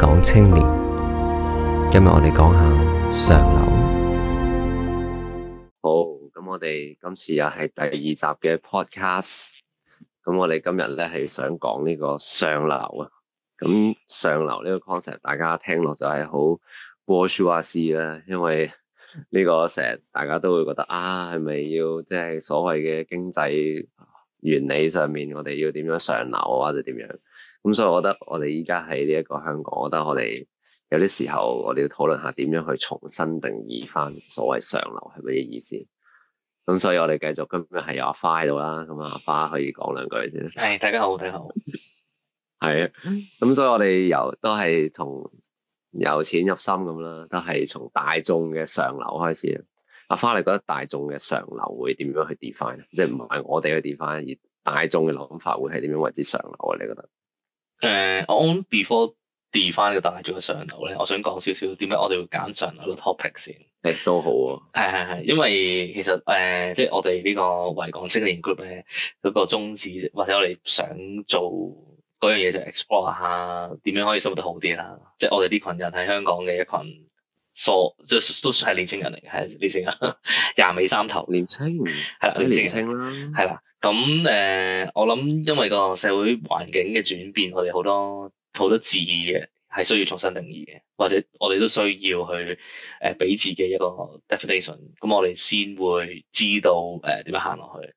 講青年，今日我哋講下上流。好，咁我哋今次又係第二集嘅 podcast。咁我哋今日咧係想講呢個上流啊。咁上流呢個 concept，大家聽落就係好過處話事啦。因為呢個成日，大家都會覺得啊，係咪要即係、就是、所謂嘅經濟原理上面，我哋要點樣上流啊，或者點樣。咁所以我覺得我哋依家喺呢一個香港，我覺得我哋有啲時候我哋要討論下點樣去重新定義翻所謂上流係乜嘢意思。咁所以我哋繼續今日係由阿花度啦，咁阿花可以講兩句先。係，大家好，大家好。係啊，咁 所以我哋由都係從由淺入深咁啦，都係從大眾嘅上流開始。阿花你覺得大眾嘅上流會點樣去 define？即係唔係我哋去 define，而大眾嘅諗法會係點樣為之上流啊？你覺得？誒，我、uh, on before 跌翻嘅，但係做咗上流咧，我想講少少，點解我哋會揀上流呢個 topic 先？誒，都好啊，係係係，因為其實誒，uh, 即係我哋呢個維港青年 group 咧，嗰個宗旨或者我哋想做嗰樣嘢就 explore 下，點樣可以生活得好啲啦，即係我哋呢群人喺香港嘅一群。傻，即係都算係年輕人嚟嘅，係年輕人，廿尾三頭，年寧輕寧寧，係啦，年輕啦，係啦，咁誒，我諗因為個社會環境嘅轉變，佢哋好多好多字義嘅。係需要重新定義嘅，或者我哋都需要去誒俾、呃、自己一個 definition，咁我哋先會知道誒點樣行落去。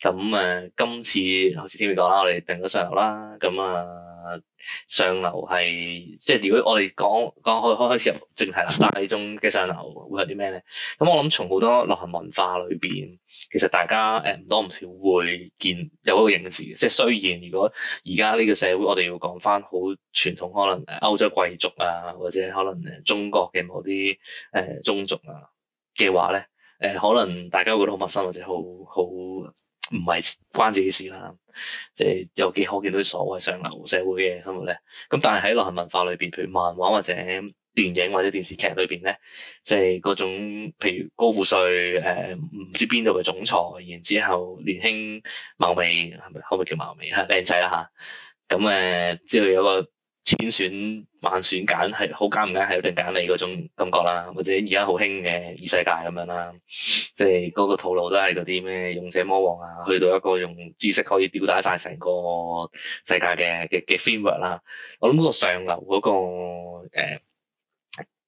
咁誒、呃、今次好似天宇講啦，我哋定咗上流啦，咁啊、呃、上流係即係如果我哋講講開開開始又淨係大眾嘅上流會有啲咩咧？咁我諗從好多流行文化裏邊。其實大家誒唔多唔少會見有一個認知，即係雖然如果而家呢個社會我哋要講翻好傳統，可能誒歐洲貴族啊，或者可能誒中國嘅某啲誒宗族啊嘅話咧，誒、呃、可能大家會覺得好陌生或者好好唔係關自己事啦。即係有幾可見到啲所謂上流社會嘅生活咧。咁但係喺流行文化裏邊，譬如漫畫或者。電影或者電視劇裏邊咧，即係嗰種譬如高富帥，誒、呃、唔知邊度嘅總裁，然之後年輕貌美，係咪可唔可以叫貌美嚇？靚仔啦吓，咁誒之後有個千選萬選揀，係好揀唔揀係一定揀你嗰種感覺啦，或者而家好興嘅異世界咁樣啦，啊，即係嗰個套路都係嗰啲咩勇者魔王啊，去到一個用知識可以表達晒成個世界嘅嘅嘅 framework 啦，我諗個上流嗰、嗰個、呃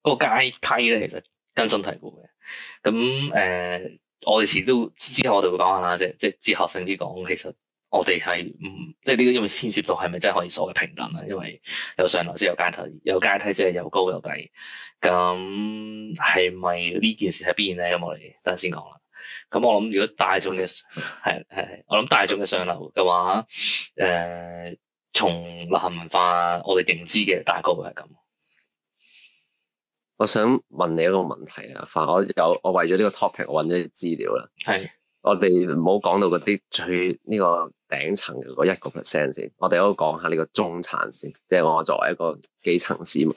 嗰個階梯咧，其實根深蒂固嘅。咁誒、呃，我哋遲都之後我哋會講下啦，即係即係哲學性啲講，其實我哋係唔即係呢啲，因為牽涉到係咪真係可以所謂平等啊？因為有上流即係有階梯，有階梯即係又高又低。咁係咪呢件事喺邊咧？咁我哋等陣先講啦。咁我諗，如果大眾嘅係係，我諗大眾嘅上流嘅話，誒、呃，從流行文化我哋認知嘅大概會係咁。我想問你一個問題啊，凡我有我為咗呢個 topic，我揾咗啲資料啦。係，我哋唔好講到嗰啲最呢、這個頂層嘅嗰一個 percent 先，我哋都講下呢個中產先，即係我作為一個基層市民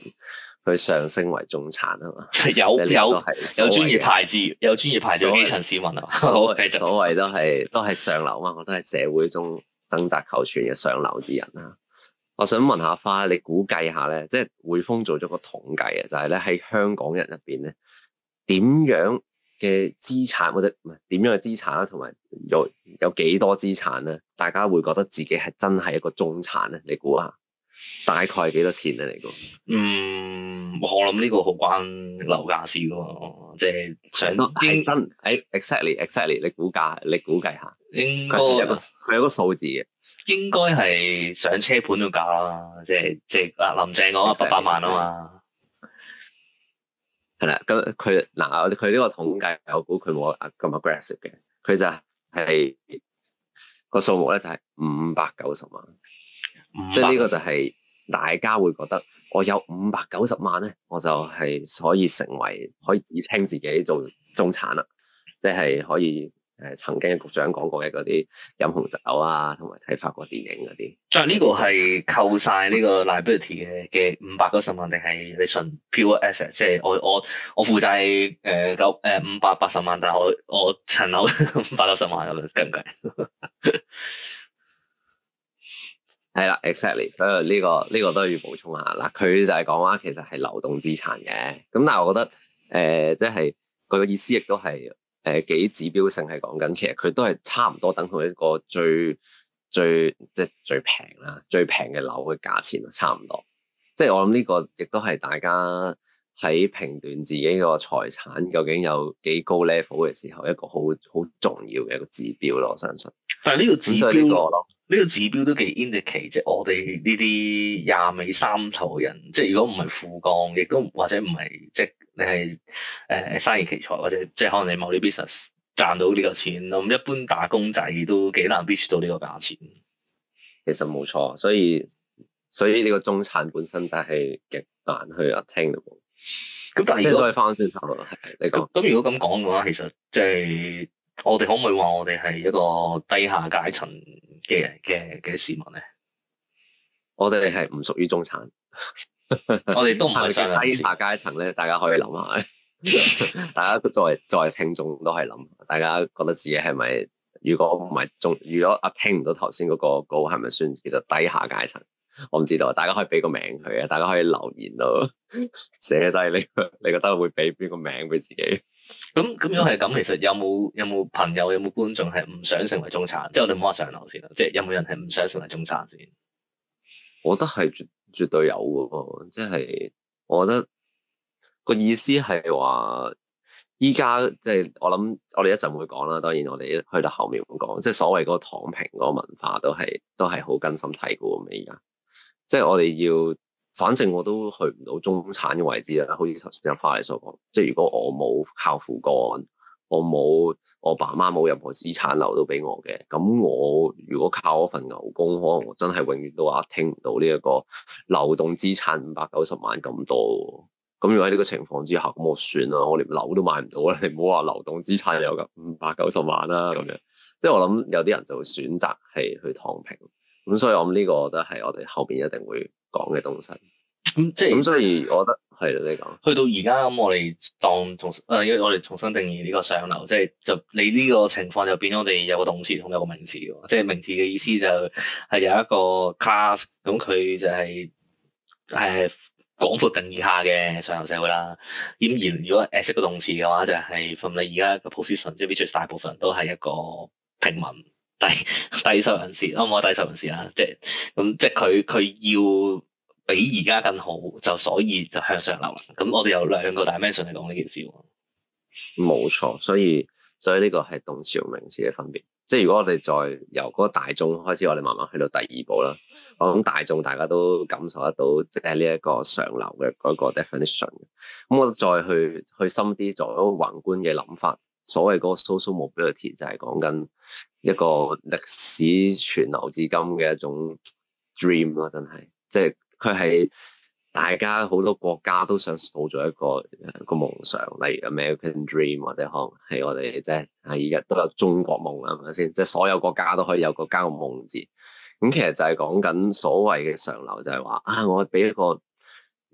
去上升為中產啊嘛有。 有有有專業牌子，有專業牌子基層市民啊， 好，啊，繼續。所謂都係都係上流啊，我都係社會中掙扎求存嘅上流之人啊。我想問下花，你估計下咧，即係匯豐做咗個統計啊，就係咧喺香港人入邊咧，點樣嘅資產或者唔係點樣嘅資產啊，同埋有有，有幾多資產咧？大家會覺得自己係真係一個中產咧？你估下大概係幾多錢咧、啊？你估？嗯，我諗呢個好關樓價事喎，即係上多。應 得誒 ，exactly，exactly，你估價，你估計下，應該啦，佢有個數 字嘅。應該係上車盤嘅價啊！即係即係啊林鄭講啊八百萬啊嘛萬，係啦解。咁佢嗱，佢 呢個統計，我估佢冇咁 aggressive 嘅，佢就係、是、個數目咧就係五百九十萬。即係呢個就係大家會覺得我有五百九十萬咧，我就係可以成為可以稱自己做中產啦，即、就、係、是、可以。誒曾經嘅局長講過嘅嗰啲飲紅酒啊，同埋睇法國電影嗰啲，即係呢個係扣晒呢個 liability 嘅五百九十萬，定係你純 pure asset？即係我我我負債誒九誒五百八十萬，但係我我層樓五百九十萬，計唔計？係 啦 ，exactly，所以呢個呢個都要補充下啦。佢就係講話其實係流動資產嘅，咁但係我覺得誒即係佢嘅意思亦都係。誒、呃、幾指標性係講緊，其實佢都係差唔多等同一個最最即係最平啦，最平嘅樓嘅價錢咯，差唔多。即係我諗呢個亦都係大家喺評斷自己個財產究竟有幾高 level 嘅時候，一個好好重要嘅一個指標咯。我相信，但係呢個指標咯、嗯。呢個指標都幾 indicate 即係我哋呢啲廿尾三頭人，即係如果唔係富降，亦都或者唔係即係你係誒、呃、生意奇才，或者即係可能你某啲 business 賺到呢個錢，咁一般打工仔都幾難 reach 到呢個價錢。其實冇錯，所以所以呢個中產本身就係極難去 attain 嘅。咁第二個，即係再翻翻轉頭，你講咁如果咁講嘅話，其實即、就、係、是。我哋可唔可以話我哋係一個低下階層嘅嘅嘅市民咧？我哋係唔屬於中產，我哋都唔算低下階層咧。大家可以諗下， 大家作為作為聽眾都係諗，大家覺得自己係咪？如果唔係中，如果啊聽唔到頭先嗰個高，係咪算叫做低下階層？我唔知道啊！大家可以俾個名佢啊，大家可以留言咯，寫低你你覺得會俾邊個名俾自己？咁咁樣係咁，其實有冇有冇朋友有冇觀眾係唔想成為中產？即係我哋摸下上流先啦，即係有冇人係唔想成為中產先？哦，我覺得係絕絕對有嘅噃，即係我覺得個意思係話依家即係我諗，我哋一陣會講啦。當然我哋去到後面會講，即係所謂嗰個躺平嗰個文化都係都係好根深蒂固咁嘅。而家即係我哋要。反正我都去唔到中產嘅位置啦，好似頭先阿花所講，即係如果我冇靠父幹，我冇我爸媽冇任何資產留到俾我嘅，咁我如果靠嗰份牛工，可能我真係永遠都話聽唔到呢一個流動資產五百九十萬咁多，咁如果喺呢個情況之下，咁我算啦，我連樓都買唔到啦，你唔好話流動資產有五百九十萬啦，啊，咁樣，即係我諗有啲人就會選擇係去躺平，咁所以我諗呢個都係我哋後邊一定會。講嘅東西，咁、嗯、即係，咁所以我覺得係咯，你講。去到而家咁，我哋當重新，誒、呃，我哋重新定義呢個上流，即係就，是、就你呢個情況就變咗，我哋有個動詞同有個名詞嘅，即、就、係、是、名詞嘅意思就係有一個 class、嗯、咁佢就係、是、係廣闊定義下嘅上流社會啦。咁、呃、然，而如果解釋個動詞嘅話，就係、是、from 你而家個 position，即係最大部分都係一個平民。第第底層人士，可唔可以？底層人士啊。即係咁，即係佢佢要比而家更好，就所以就向上流。咁我哋有兩個 definition 嚟講呢件事，冇錯。所以所以呢個係動詞同名詞嘅分別。即係如果我哋再由嗰個大眾開始，我哋慢慢去到第二步啦。我諗大眾大家都感受得到，即係呢一個上流嘅嗰個 definition。咁我再去去深啲，做一個宏觀嘅諗法。所謂嗰個 social mobility 就係講緊一個歷史傳留至今嘅一種 dream 咯，真係即係佢係大家好多國家都想做咗一個一個夢想，例如 American dream 或者可能係我哋即係而家都有中國夢啊。係咪先？即係所有國家都可以有個家夢字，咁其實就係講緊所謂嘅上流，就係話啊，我俾一個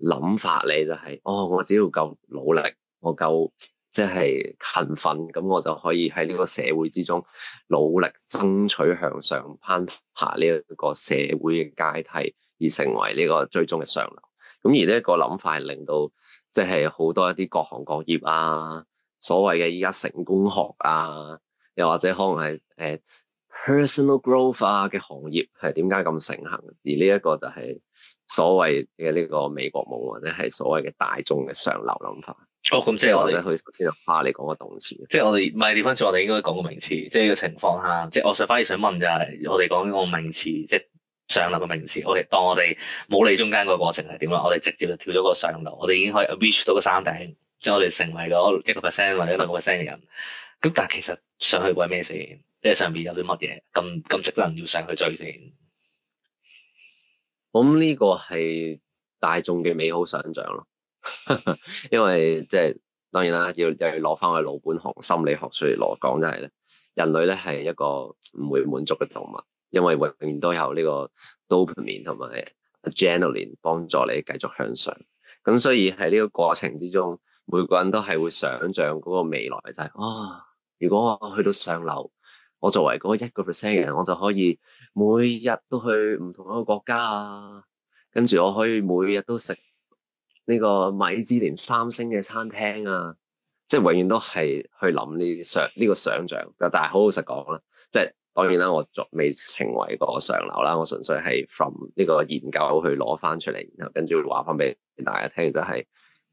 諗法你就係，哦，我只要夠努力，我夠。即係勤奮，咁我就可以喺呢個社會之中努力爭取向上攀爬呢一個社會嘅階梯，而成為呢個最終嘅上流。咁而呢一個諗法係令到即係好多一啲各行各業啊，所謂嘅依家成功學啊，又或者可能係誒、呃、Personal Growth 啊嘅行業係點解咁盛行？而呢一個就係所謂嘅呢個美國夢或者係所謂嘅大眾嘅上流諗法。.哦，咁即係我哋去頭先係怕你講個動詞，即係我哋唔係調分轉，我哋應該講個名詞。嗯、即係個情況下，嗯、即係我上反而想問就係，我哋講個名詞，嗯、即係上流個名詞。O.K.、嗯、當我哋冇理中間個過程係點啦，嗯、我哋直接就跳咗個上流，嗯、我哋已經可以 reach 到個山頂，即係我哋成為咗一個 percent 或者兩個 percent 嘅人。咁、嗯嗯、但係其實上去係咩事？即係上邊有啲乜嘢咁咁值得人要上去追先？咁呢個係大眾嘅美好想象咯。 因為即係當然啦，要又要攞翻我老本行心理學嚟攞講真係咧，人類咧係一個唔會滿足嘅動物，因為永遠都有呢個 dopamine 同埋 adrenaline 幫助你繼續向上。咁所以喺呢個過程之中，每個人都係會想象嗰個未來就係、是、啊，如果我去到上流，我作為嗰一個 percent 嘅人，我就可以每日都去唔同一個國家啊，跟住我可以每日都食。呢個米芝蓮三星嘅餐廳啊，即係永遠都係去諗呢啲呢個想像。但係好老實講啦，即係當然啦，我仲未成為過上流啦，我純粹係 from 呢個研究去攞翻出嚟，然後跟住話翻俾大家聽，就係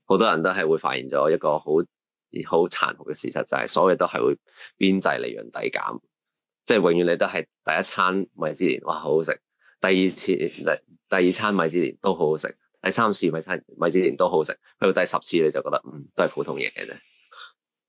好多人都係會發現咗一個好好殘酷嘅事實，就係所謂都係會邊際利潤遞減，即係永遠你都係第一餐米芝蓮哇，好好食，第二次第第二餐米芝蓮都好好食。第三次咪差，咪之前都好食。去到第十次你就覺得，嗯，都係普通嘢嘅啫。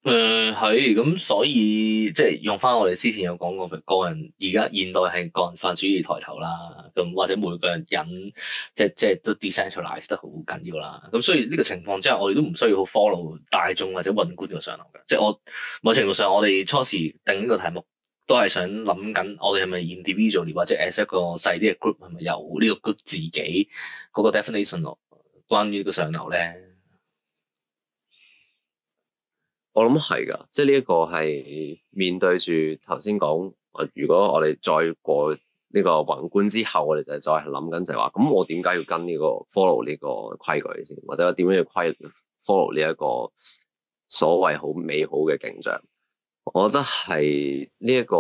誒係、嗯，咁所以即係用翻我哋之前有講過，個個人而家現，現代係個人化主義抬頭啦，咁或者每個人引，即係即係都 decentralized 得好緊要啦。咁所以呢個情況之下，我哋都唔需要好 follow 大眾或者運觀嘅上流嘅。即係我某程度上，我哋初時定呢個題目。都係想諗緊，我哋係咪 individual 或者 as 一個細啲嘅 group，係咪有呢個 group 自己嗰、嗰個 definition 咯？關於個上流咧，我諗係噶，即係呢一個係面對住頭先講，如果我哋再過呢個宏觀之後，我哋就係再諗緊就係話，咁我點解要跟呢、呢個 follow 呢個規矩先，或者點樣要規 follow 呢一個所謂好美好嘅景象？我覺得係呢一個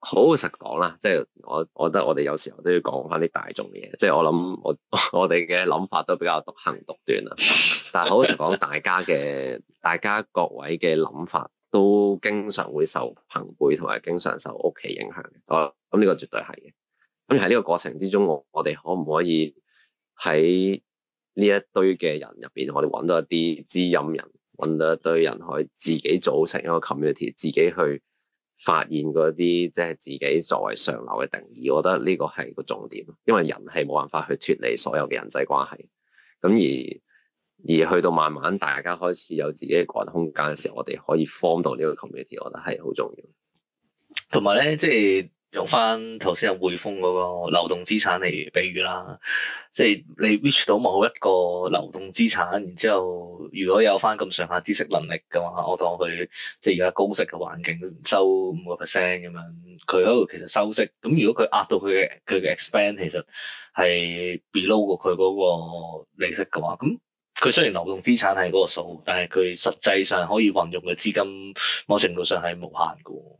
好好實講啦，即係我我覺得我哋有時候都要講翻啲大眾嘅嘢，即係我諗我我哋嘅諗法都比較獨行獨斷啦。但係好好實講， 大家嘅大家各位嘅諗法都經常會受朋輩同埋經常受屋企影響，哦咁呢個絕對係嘅。咁喺呢個過程之中，我我哋可唔可以喺呢一堆嘅人入邊，我哋揾到一啲知音人？揾到一堆人可以自己組成一個 community，自己去發現嗰啲即係自己作為上流嘅定義，我覺得呢個係個重點，因為人係冇辦法去脫離所有嘅人際關係。咁而而去到慢慢大家開始有自己嘅個人空間嘅時候，我哋可以 form 到呢個 community，我覺得係好重要。同埋咧，即係。用翻頭先有匯豐嗰個流動資產嚟比喻啦，即係你 reach 到某一個流動資產，然之後如果有翻咁上下知識能力嘅話，我當佢即係而家高息嘅環境收五個 percent 咁樣，佢嗰度其實收息，咁如果佢壓到佢嘅佢嘅 expense 其實係 below 過佢嗰個利息嘅話，咁佢雖然流動資產係嗰個數，但係佢實際上可以運用嘅資金某程度上係無限嘅。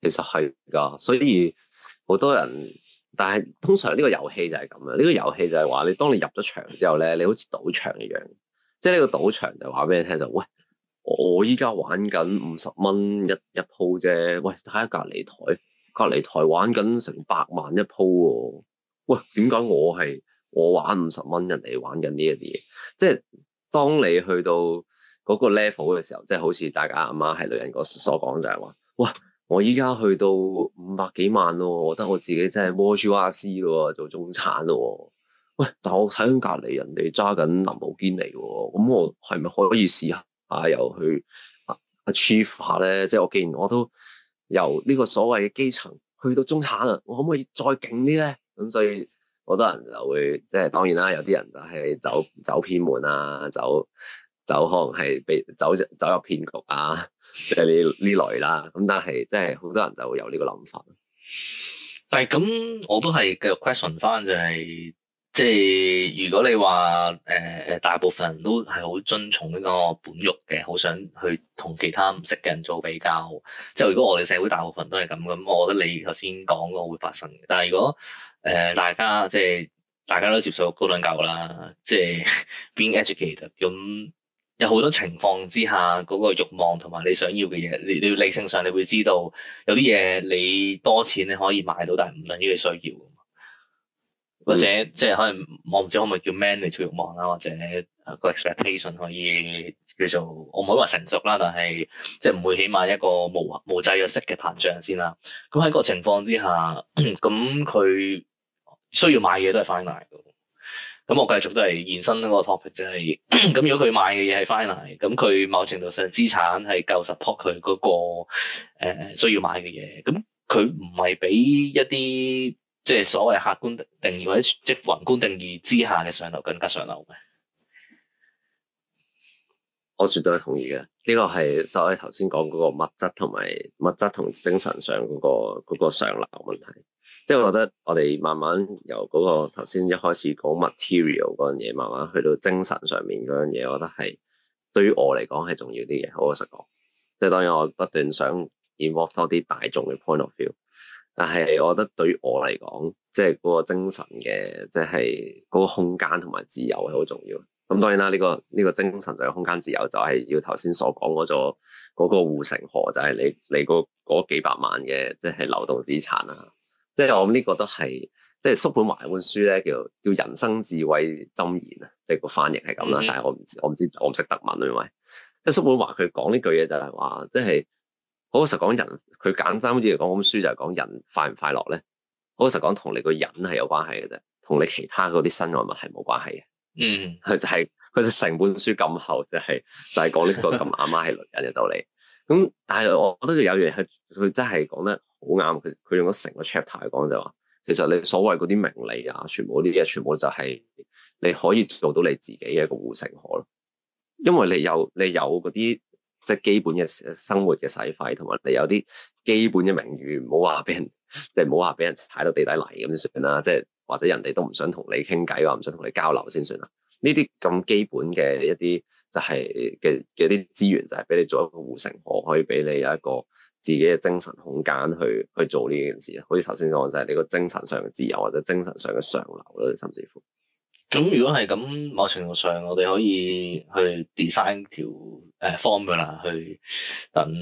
其實係噶，所以好多人，但係通常呢個遊戲就係咁樣。呢、這個遊戲就係話你，當你入咗場之後咧，你好似賭場一樣，即係呢個賭場就話俾你聽就是、喂，我依家玩緊五十蚊一一鋪啫。喂，睇下隔籬台，隔籬台玩緊成百萬一鋪喎、啊。喂，點解我係我玩五十蚊，人哋玩緊呢一啲嘢？即係當你去到嗰個 level 嘅時候，即係好似大家阿媽係女人嗰時所講就係、是、話，哇！我依家去到五百幾萬咯，我覺得我自己真係 watcher 師咯，做中產咯。喂，但我睇緊隔離人哋揸緊林寶堅尼喎，咁、嗯、我係咪可以試下又去 achieve 下咧？即係我既然我都由呢個所謂嘅基層去到中產啦，我可唔可以再勁啲咧？咁所以好多人就會即係當然啦，有啲人就係走走偏門啊，走走可能係被走走入騙局啊。即係你呢類啦，咁但係即係好多人就會有呢個諗法。但係咁，我都係繼續 question 翻，就係、是、即係如果你話誒誒，大部分人都係好遵從呢個本欲嘅，好想去同其他唔識嘅人做比較。即係如果我哋社會大部分都係咁，咁我覺得你頭先講個會發生嘅。但係如果誒、呃、大家即係大家都接受高等教育啦，即係 being educated 咁。有好多情況之下，嗰個慾望同埋你想要嘅嘢，你你要理性上，你會知道有啲嘢你多錢你可以買到，但係唔等於需要。或者即係可能我唔知可唔可以叫 manage 住慾望啦，或者個 expectation 可以叫做我唔可以話成熟啦，但係即係唔會起碼一個無無制約式嘅膨脹先啦。咁喺個情況之下，咁佢 需要買嘢都係返嚟。咁我繼續都係延伸嗰個 topic，即係咁。如果佢買嘅嘢係 final，咁佢某程度上資產係夠 support 佢嗰個需要買嘅嘢。咁佢唔係比一啲即係所謂客觀定義或者即係宏觀定義之下嘅上流更加上流嘅。我絕對同意嘅，呢、呢個係所謂頭先講嗰個物質同埋物質同精神上嗰、嗰個嗰、嗰個上流問題。即係我覺得，我哋慢慢由嗰個頭先一開始講 material 嗰樣嘢，慢慢去到精神上面嗰樣嘢，我覺得係對於我嚟講係重要啲嘅。好，老實講，即係當然我不斷想 involve、e、多啲大眾嘅 point of view，但係我覺得對於我嚟講，即係嗰個精神嘅，即係嗰個空間同埋自由係好重要。咁當然啦，呢、呢個呢、呢個精神上嘅空間自由就、嗰個，就係要頭先所講嗰個嗰個護城河就，就係你你、嗰、嗰、個、幾百萬嘅，即、就、係、係、流動資產啦、啊。即係我諗呢個都係，即係叔本華有本書咧，叫叫《人生智慧箴言》啊，即係個翻譯係咁啦，mm hmm. 但係我唔知，我唔知，我唔識德文啊，因為叔本華佢講呢句嘢就係話，即係好實講人，佢簡單啲嚟講，本書就係講人快唔快樂咧，好實講同你個人係有關係嘅啫，同你其他嗰啲身外物係冇關係嘅。嗯、mm，佢、hmm. 就係、是、佢就成本書咁厚，就係、是、就係、是、講呢個咁阿 媽係女人嘅道理。咁但係我覺得佢有樣係佢真係講得。好啱，佢佢用咗成個 chapter 嚟講就話，其實你所謂嗰啲名利啊，全部呢啲嘢，全部就係你可以做到你自己嘅一個護城河咯。因為你有你有嗰啲即係基本嘅生活嘅使費，同埋你有啲基本嘅名譽，唔好話俾人即係唔好話俾人踩到地底泥咁就算啦。即係或者人哋都唔想同你傾偈話，唔想同你交流先算啦。呢啲咁基本嘅一啲就係嘅嘅啲資源就係俾你做一個護城河，可以俾你有一個。自己嘅精神空間去去做呢件事啊，好似頭先講就係你個精神上嘅自由或者精神上嘅上流咯，甚至乎。咁如果係咁，某程度上我哋可以去 design 條誒 form 噶啦，去、呃、等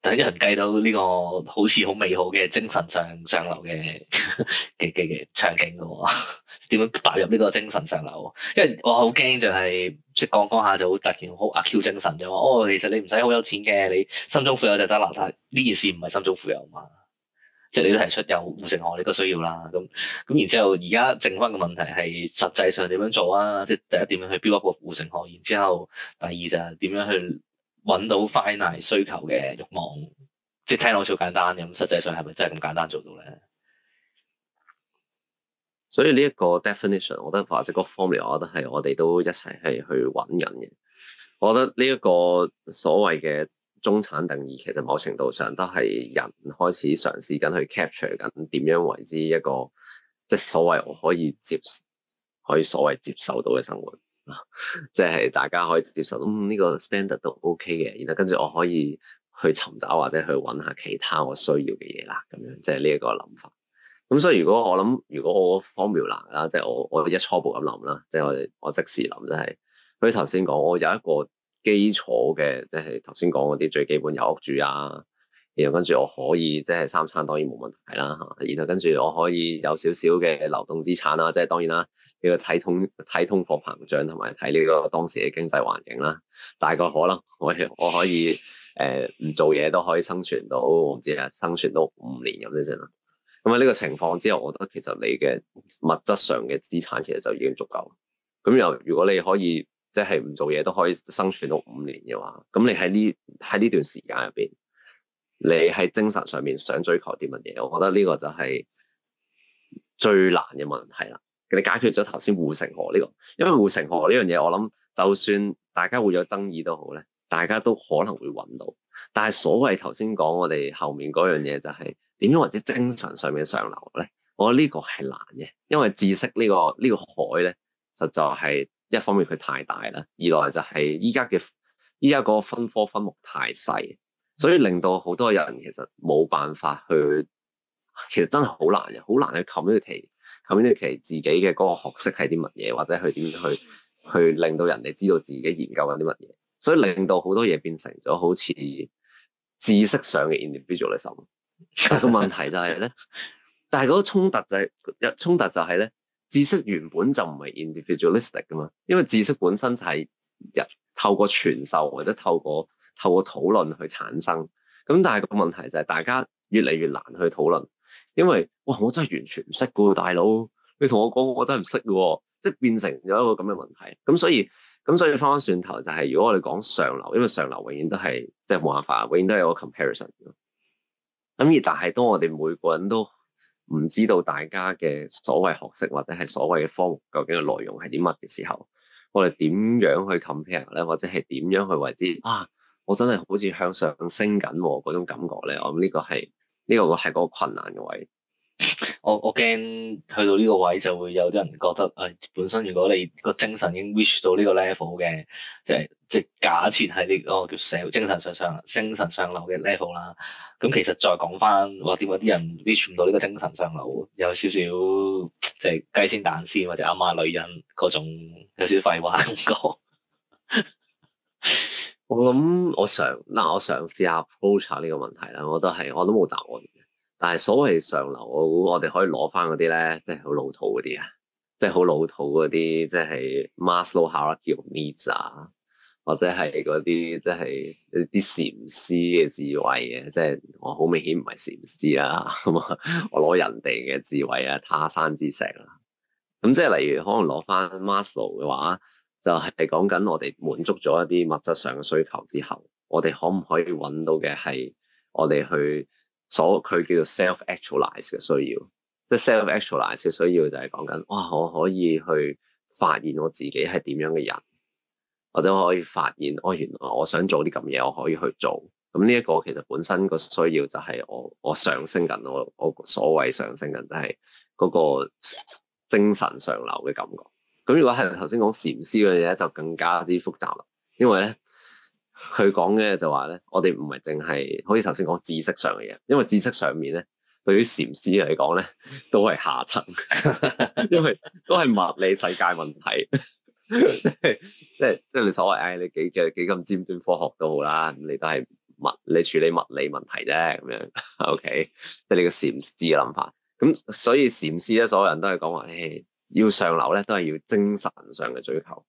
等啲人計到呢個好似好美好嘅精神上上流嘅嘅嘅嘅場景噶喎，點樣踏入呢個精神上流？因為我好驚就係識講講下就好突然好阿 Q 精神啫嘛。哦，其實你唔使好有錢嘅，你心中富有就得啦。但呢件事唔係心中富有嘛。即係你都提出有護城河呢個需要啦，咁咁然之後而家剩翻個問題係實際上點樣做啊？即係第一點樣去 build up 個護城河，然之後第二就係點樣去搵到 finite 需求嘅欲望，即係聽落超簡單嘅咁，實際上係咪真係咁簡單做到咧？所以呢一個 definition，我、那個、我覺得或者個 formula，我覺得係我哋都一齊係去搵人嘅。我覺得呢一個所謂嘅。中產定義其實某程度上都係人開始嘗試緊去 capture 緊點樣為之一個，即係所謂我可以接可以所謂接受到嘅生活 即係大家可以接受到嗯呢、這個 standard 都 OK 嘅，然後跟住我可以去尋找或者去揾下其他我需要嘅嘢啦，咁樣即係呢一個諗法。咁所以如果我諗，如果我個 formula 啦，即係我我一初步咁諗啦，即係我我即時諗，即係佢頭先講我有一個。基礎嘅即係頭先講嗰啲最基本有屋住啊，然後跟住我可以即係三餐當然冇問題啦吓，然後跟住我可以有少少嘅流動資產啦、啊，即係當然啦，呢個睇通睇通貨膨脹同埋睇呢個當時嘅經濟環境啦，大概可能我我可以誒唔、呃、做嘢都可以生存到，我唔知啊，生存到五年咁樣先啦。咁啊呢個情況之後，我覺得其實你嘅物質上嘅資產其實就已經足夠。咁又如果你可以。即係唔做嘢都可以生存到五年嘅話，咁你喺呢喺呢段時間入邊，你喺精神上面想追求啲乜嘢？我覺得呢個就係最難嘅問題啦。你解決咗頭先護城河呢個，因為護城河呢樣嘢，我諗就算大家會有爭議都好咧，大家都可能會揾到。但係所謂頭先講我哋後面嗰樣嘢，就是，就係點樣或者精神上面上流咧？我覺得呢個係難嘅，因為知識呢個呢個海咧，實在係。一方面佢太大啦，二來就係依家嘅依家嗰個分科分目太細，所以令到好多人其實冇辦法去，其實真係好難嘅，好難去 communicate 自己嘅嗰個學識係啲乜嘢，或者佢點去去令到人哋知道自己研究緊啲乜嘢，所以令到好多嘢變成咗好似知識上嘅 individualism。但係個問題就係咧， 但係嗰個衝突就係、衝突就係咧。知識原本就唔係 individualistic 㗎嘛，因為知識本身就係人透過傳授或者透過透過討論去產生。咁但係個問題就係大家越嚟越難去討論，因為哇，我真係完全唔識㗎喎，大佬你同我講，我真係唔識㗎喎，即係變成咗一個咁嘅問題。咁所以咁所以翻返轉頭就係、是，如果我哋講上流，因為上流永遠都係即係冇辦法，永遠都係有個 comparison。咁而但係當我哋每個人都唔知道大家嘅所謂學識或者係所謂嘅科目究竟嘅內容係啲乜嘅時候，我哋點樣去 compare 咧，或者係點樣去為之啊？我真係好似向上升緊嗰種感覺咧，我諗呢個係呢個係嗰個困難嘅位。我我驚去到呢個位就會有啲人覺得誒、哎，本身如果你個精神已經 reach 到呢個 level 嘅，即係即係假設喺呢個叫社精神上上精神上流嘅 level 啦，咁其實再講返，話點解啲人 reach 唔到呢個精神上流，有少少即係雞先蛋先或者阿媽女人嗰種，有少少廢話咁講。 我諗我上嗱我嘗試下 approach 呢個問題啦，我都係我都冇答案。但係所謂上流，我估我哋可以攞翻嗰啲咧，即係好老土嗰啲啊，即係好老土嗰啲，即係 Maslow hierarchy needs 啊，或者係嗰啲即係一啲禪師嘅智慧嘅，即係我好明顯唔係禪師啦，咁啊， 我攞人哋嘅智慧啊，他山之石啦、啊。咁即係例如可能攞翻 Maslow 嘅話，就係講緊我哋滿足咗一啲物質上嘅需求之後，我哋可唔可以揾到嘅係我哋去。所佢叫做 self-actualize 嘅需要，即係 self-actualize 嘅需要就係講緊，哇、哦！我可以去發現我自己係點樣嘅人，或者我可以發現，哦，原來我想做啲咁嘢，我可以去做。咁呢一個其實本身個需要就係我我上升緊，我我所謂上升緊都係嗰個精神上流嘅感覺。咁、嗯、如果係頭先講禪師嘅嘢咧，就更加之複雜啦，因為咧。佢講嘅就話咧，我哋唔係淨係可以頭先講知識上嘅嘢，因為知識上面咧，對於禪師嚟講咧，都係下層，因為都係物理世界問題，即係即係你所謂，哎，你幾嘅幾咁尖端科學都好啦，咁你都係物你處理物理問題啫，咁樣，O K，即係你個禪師嘅諗法，咁所以禪師咧，所有人都係講話，誒、哎，要上流咧，都係要精神上嘅追求。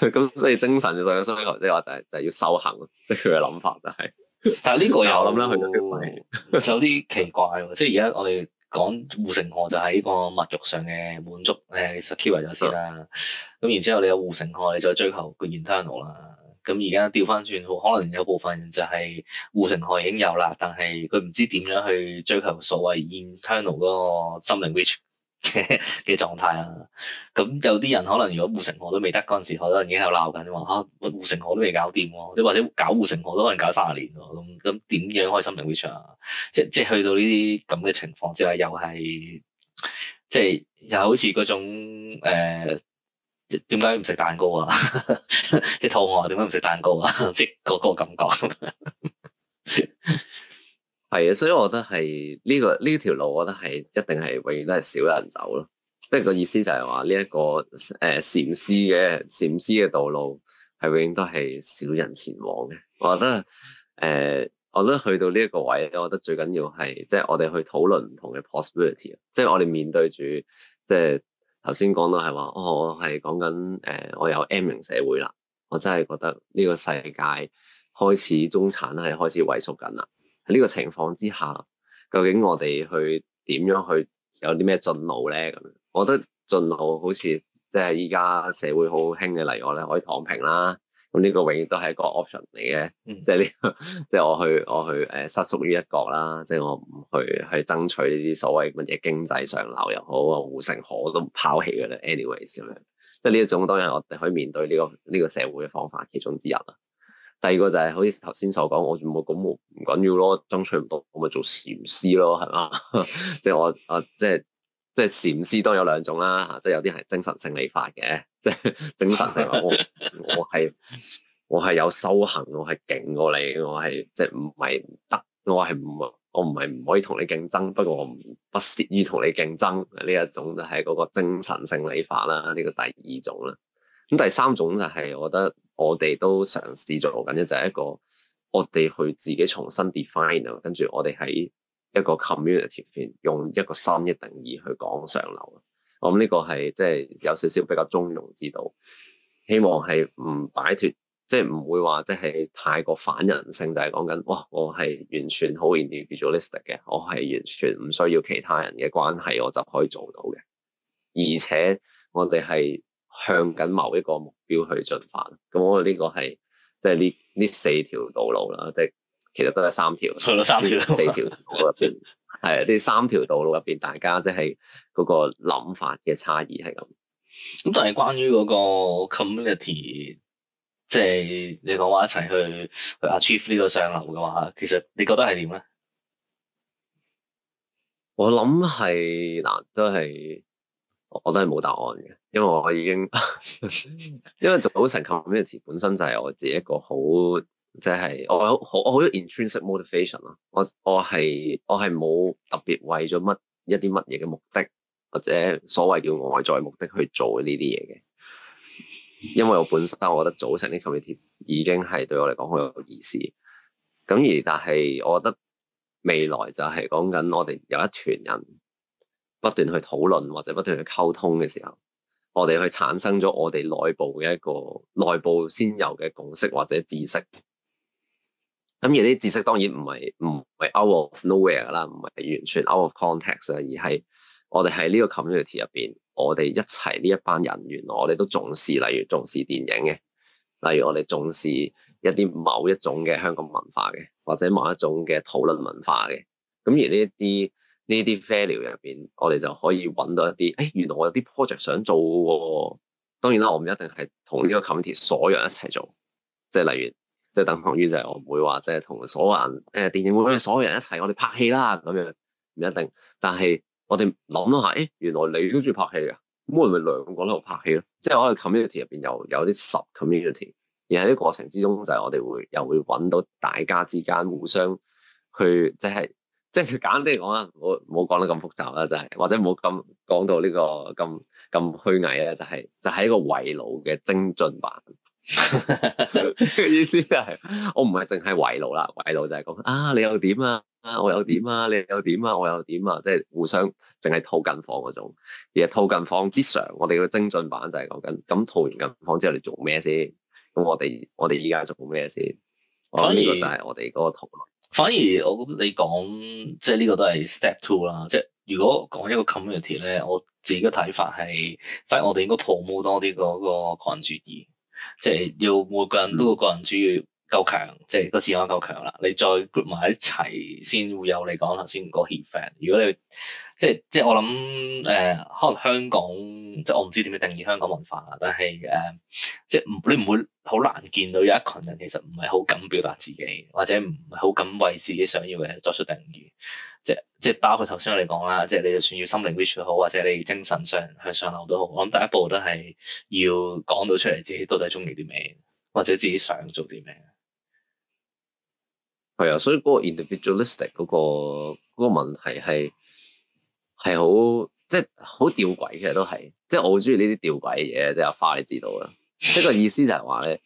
咁、 嗯、所以精神嘅追求即係話就係、是、就係、是就是、要修行即係佢嘅諗法就係、是。 但係呢個又諗咧，佢 有啲奇怪咯。即係而家我哋講護城河，就係呢個物欲上嘅滿足，誒，secure 咗先啦。咁、嗯、然之後你有護城河，你再追求個 internal 啦。咁而家調翻轉，可能有部分人就係護城河已經有啦，但係佢唔知點樣去追求所謂 internal 嘅心靈 rich 嘅狀態啊，咁有啲人可能如果護城河都未得嗰陣時，可能已經係鬧緊，你話啊護城河都未搞掂喎，啊，即或者搞護城河都，啊，可能搞卅年咯，咁咁點樣開心嚟，會唱啊？即係即係去到呢啲咁嘅情況之下，又係即係又好似嗰種誒，點解唔食蛋糕啊？啲 肚餓，點解唔食蛋糕啊？ 即係嗰嗰個感覺。 係啊，所以我覺得係呢、這個呢條路,我、這個呃蜆蜆蜆蜆路，我覺得係一定係永遠都係少人走咯。即係個意思就係話呢一個誒禪師嘅禪師嘅道路係永遠都係少人前往嘅。我覺得誒，我覺得去到呢一個位，我覺得最緊要係即係我哋去討論唔同嘅 possibility 即係我哋面對住即係頭先講到係話，哦，我係講緊誒，我有 M 型社會啦。我真係覺得呢個世界開始中產係開始萎縮緊啦。喺呢個情況之下，究竟我哋去點樣去有啲咩進路咧？咁樣，我覺得進路好似即係依家社會好興嘅，例如我咧，可以躺平啦。咁呢個永遠都係一個 option 嚟嘅，即係呢，即係我去我去誒瑟縮於一角啦，即係我唔去去爭取呢啲所謂乜嘢經濟上流又好啊，護城河都拋棄嘅啦。Anyways 咁樣，即係呢一種當然我哋可以面對呢個呢個社會嘅方法其中之一啦。第二個就係、是、好似頭先所講，我冇咁冇唔緊要咯，爭取唔到我咪做禪師咯，係嘛？ 即係我啊，即係即係禪師，都有兩種啦，吓，即係有啲係精神性理法嘅，即係精神性。 我我係我係有修行，我係勁過你，我係即係唔係得，我係唔我唔係唔可以同你競爭，不過我唔不，不屑於同你競爭。呢一種就係嗰個精神性理法啦，呢、這個第二種啦。咁第三種就係我覺得。我哋都嘗試在做緊嘅就係一個，我哋去自己重新 define，跟住我哋喺一個 community 片用一個新嘅定義去講上流，我諗呢個係即係有少少比較中庸之道，希望係唔擺脱，即係唔會話即係太過反人性，但係講緊哇，我係完全好 individualistic 嘅，我係完全唔需要其他人嘅關係，我就可以做到嘅，而且我哋係。向緊某一個目標去進發，咁我覺得呢個係即係呢呢四條道路啦，即係其實都係三條，三條 四條入邊，係啊， 即係三條道路入邊，大家即係嗰個諗法嘅差異係咁。咁但係關於嗰個 community，即係你講話一齊去去 achieve 呢個上流嘅話，其實你覺得係點咧？我諗係嗱，都係。我都係冇答案嘅，因為我已經 因為組成 community 本身就係我自己一個好即係我好好我好 intrinsic motivation 咯。我我係我係冇特別為咗乜一啲乜嘢嘅目的或者所謂叫外在目的去做呢啲嘢嘅。因為我本身，我覺得組成啲 community 已經係對我嚟講好有意思。咁而但係，我覺得未來就係講緊我哋有一團人。不斷去討論或者不斷去溝通嘅時候，我哋去產生咗我哋內部嘅一個內部先有嘅共識或者知識。咁而呢啲知識當然唔係唔係 out of nowhere 啦，唔係完全 out of context 啊，而係我哋喺呢個 community 入邊，我哋一齊呢一班人員，我哋都重視，例如重視電影嘅，例如我哋重視一啲某一種嘅香港文化嘅，或者某一種嘅討論文化嘅。咁而呢一啲呢啲 value 入邊，我哋就可以揾到一啲，誒，原來我有啲 project 想做喎。當然啦，我唔一定係同呢個 community 所有人一齊做，即係例如，即係等同於就係我唔會話即係同所有人，誒，電影會,會所有人一齊，我哋拍戲啦咁樣，唔一定。但係我哋諗一下，誒，原來你都中意拍戲嘅，咁我哋咪兩個人喺度拍戲咯。即係我哋 community 入邊又有啲 sub community，而喺啲過程之中就係我哋會又會揾到大家之間互相去即係。就是即係簡單啲嚟講啦，唔好唔好講得咁複雜啦，就係、是、或者唔好咁講到呢個咁咁虛偽啦，就係、是、就係一個圍爐嘅精進版嘅 意思就係我唔係淨係圍爐啦，圍爐就係講啊你又點啊，我又點啊，你又點啊，我又點啊，即係、啊啊就是、互相淨係套近乎嗰種，而係套近乎之上，我哋要精進版就係講緊咁套完近乎之後你做咩先？咁我哋我哋依家做咩先？咁呢個就係我哋嗰個討論。反而我覺得你講即係呢個都係 step two 啦。即係如果講一個 community 咧，我自己嘅睇法係，反而我哋應該 promote 多啲嗰個個人主義，即係要每個人都個個人主義夠強，即係個治安夠強啦。你再 group 埋一齊先會有你講頭先嗰 heat fan。如果你即係即係我諗誒、呃，可能香港即係我唔知點樣定義香港文化啦，但係誒、呃，即係你唔會好難見到有一群人其實唔係好敢表達自己，或者唔係好敢為自己想要嘅作出定義。即係即係包括頭先我哋講啦，即係你就算要心靈 rich 好，或者你精神上向上流都好，我諗第一步都係要講到出嚟自己到底中意啲咩，或者自己想做啲咩。係啊，所以嗰個 individualistic 嗰個嗰、嗰個問題係。係好，即係好吊詭嘅，都係即係我好中意呢啲吊詭嘅嘢。即係阿花，你知道啦，即係個意思就係話咧，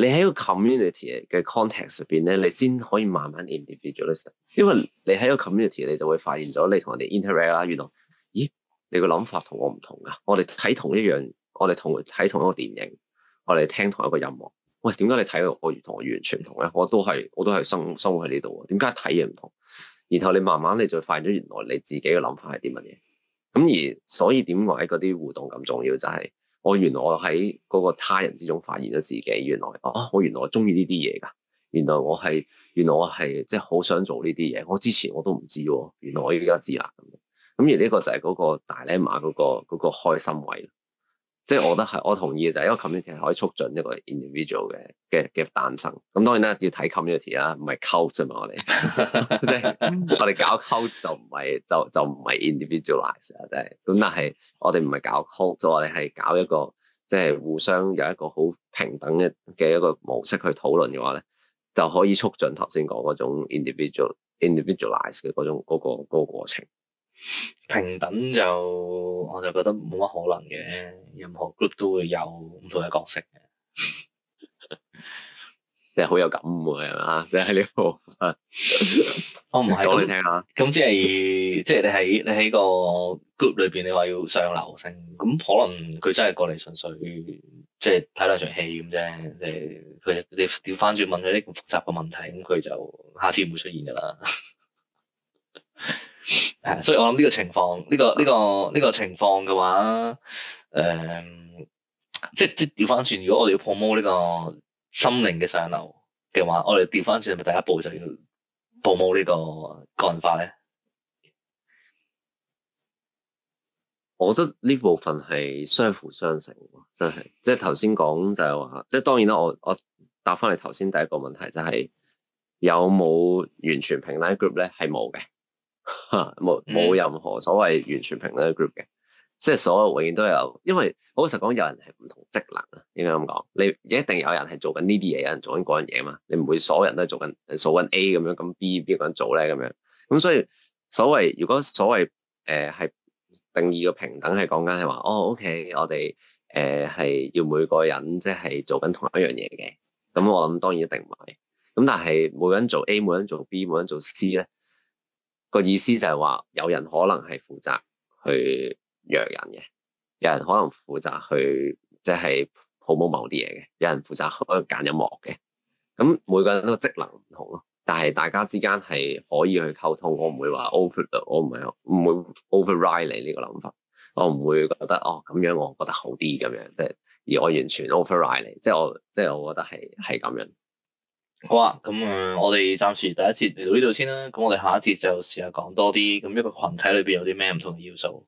你喺一個 community 嘅 context 入邊咧，你先可以慢慢 individualise。因為你喺個 community，你就會發現咗，你同人哋 interact 啦，原來咦，你個諗法同我唔同啊！我哋睇同一樣，我哋同睇同一個電影，我哋聽同一個音樂。喂，點解你睇我同我完全唔同咧？我都係，我都係生生活喺呢度，點解睇嘢唔同？然後你慢慢你就發現咗原來你自己嘅諗法係啲乜嘢，咁而所以點話喺嗰啲互動咁重要就係、是，我原來我喺嗰個他人之中發現咗自己，原來啊、哦、我原來我中意呢啲嘢㗎，原來我係原來我係即係好想做呢啲嘢，我之前我都唔知喎，原來我而家知啦，咁，咁而呢個就係嗰個 dilemma 嗰個嗰、那個開心位。即係我覺得係，我同意嘅就係因為 community 係可以促進一個 individual 嘅嘅嘅誕生。咁當然啦，要睇 community 啦，唔係 cult 啫嘛。Ized，我哋即係我哋搞 cult 就唔係就就唔係 individualize 啊，真係。咁但係我哋唔係搞 cult，就我哋係搞一個即係、即係、互相有一個好平等嘅嘅一個模式去討論嘅話咧，就可以促進頭先講嗰種 ind ized, individual individualize 嘅嗰種嗰、嗰個嗰、嗰個過程。平等就我就覺得冇乜可能嘅，任何 group 都會有唔同嘅角色，嘅，即係好有感悟嘅係嘛？即係呢個，我唔係講你聽下。咁即係即係你喺你喺個 group 裏邊，你話要上流星，咁可能佢真係過嚟純粹即係睇兩場戲咁啫。你佢你調翻轉問佢啲咁複雜嘅問題，咁佢就下次唔會出現㗎喇。 係、 嗯，所以我諗呢個情況，呢、這個呢、這個呢、這個情況嘅話，誒、嗯，即即調翻轉，如果我哋要 promote 呢個心靈嘅上流嘅話，我哋調翻轉，咪第一步就要 promote 呢個個人化咧。我覺得呢部分係相輔相成，真係，即頭先講就係、是、話，即當然啦，我我答翻嚟頭先第一個問題、就是，就係有冇完全平等 group 咧，係冇嘅。冇冇任何所謂完全平等嘅 group 嘅，即係所有永遠都有，因為好實講，有人係唔同職能啊，應該咁講，你一定有人係做緊呢啲嘢，有人做緊嗰樣嘢嘛，你唔會所有人都係做緊做緊 A 咁樣，咁 B 邊個人做咧咁樣，咁所以所謂如果所謂誒係定義個平等係講緊係話，哦，OK，我哋誒係要每個人即係做緊同一樣嘢嘅，咁我諗當然一定唔係，咁但係每個人做 A，每人做 B，每人做 C 咧。個意思就係話，有人可能係負責去約人嘅，有人可能負責去即係 promote 某啲嘢嘅，有人負責去揀音樂嘅，咁每個人都個職能唔同咯。但係大家之間係可以去溝通，我唔會話 over 我唔係唔會 override 你呢個諗法，我唔會覺得哦咁樣我覺得好啲咁樣，即係而我完全 override 你，即係我即係我覺得係係咁樣。好啊，咁啊，我哋暫時第一節嚟到呢度先啦。咁我哋下一節就試下講多啲，咁一個群體裏邊有啲咩唔同嘅要素。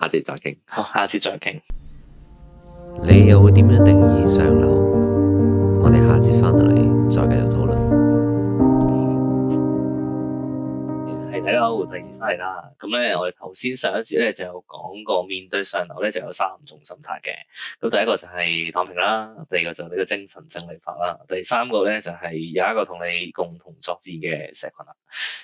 下節再傾，好，下節再傾。你又會點樣定義上流？我哋下節翻到嚟再繼續討論。Hello，突然翻嚟啦。咁咧，我哋頭先上一次咧就有講過，面對上流咧就有三種心態嘅。咁第一個就係躺平啦，第二個就係呢個精神勝利法啦，第三個咧就係、是、有一個同你共同作戰嘅社群啦。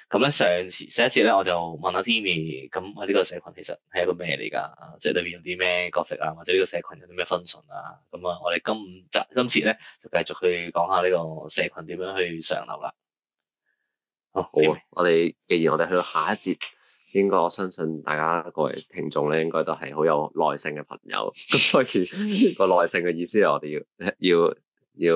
咁咧上次上一次咧我就問阿 Timmy，咁喺呢個社群其實係一個咩嚟㗎？即係裏邊有啲咩角色啊，或者呢個社群有啲咩分層啊？咁啊，我哋今集今次咧就繼續去講下呢個社群點樣去上流啦。好啊！我哋既然我哋去到下一節，應該我相信大家各位聽眾咧，應該都係好有耐性嘅朋友。咁 所以，個耐性嘅意思係我哋要要